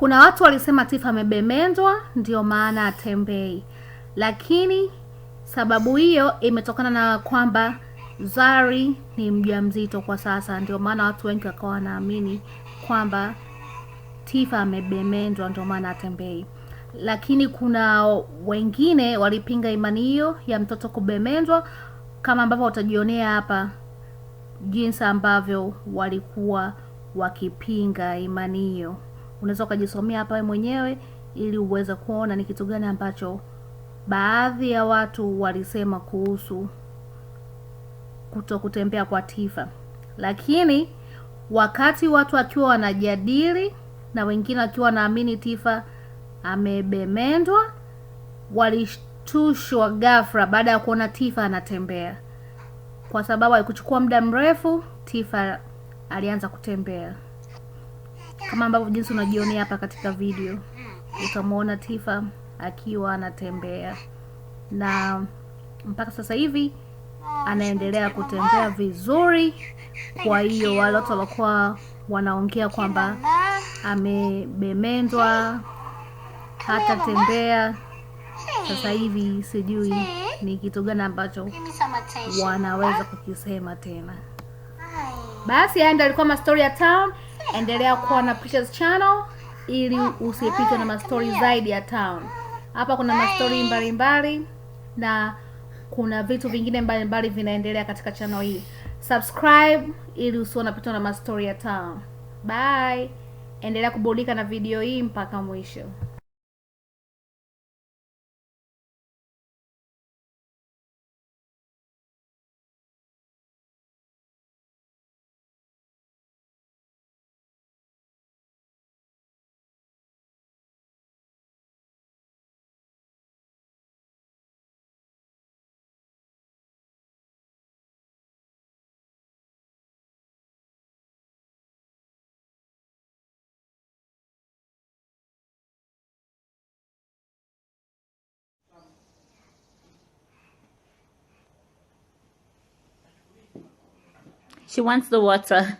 Kuna watu walisema tifa amebemendwa ndio maana atembei, lakini sababu hiyo imetokana na kwamba Zari ni mjamzito kwa sasa, ndio maana watu wengi wakawa wanaamini kwamba tifa amebemendwa ndio maana atembei. Lakini kuna wengine walipinga imani hiyo ya mtoto kubemendwa, kama ambavyo utajionea hapa jinsi ambavyo walikuwa wakipinga imani hiyo unaweza ukajisomea hapa mwenyewe ili uweze kuona ni kitu gani ambacho baadhi ya watu walisema kuhusu kuto kutembea kwa Tifa. Lakini wakati watu wakiwa wanajadili na wengine wakiwa wanaamini Tifa amebemendwa, walishtushwa ghafla baada ya kuona Tifa anatembea, kwa sababu haikuchukua muda mrefu Tifa alianza kutembea kama ambavyo jinsi unajionea hapa katika video, utamwona Tifa akiwa anatembea na mpaka sasa hivi anaendelea kutembea vizuri. Kwa hiyo wale watu walikuwa wanaongea kwamba amebemendwa hata tembea sasa hivi, sijui ni kitu gani ambacho wanaweza kukisema tena. Basi haya ndio alikuwa mastori ya town endelea kuwa na Precious channel ili usipitwe na mastori zaidi ya town. Hapa kuna mastori mbalimbali na kuna vitu vingine mbalimbali vinaendelea katika channel hii. Subscribe ili usio napitwa na mastori ya town. Bye. Endelea kuburudika na video hii mpaka mwisho. She wants the water.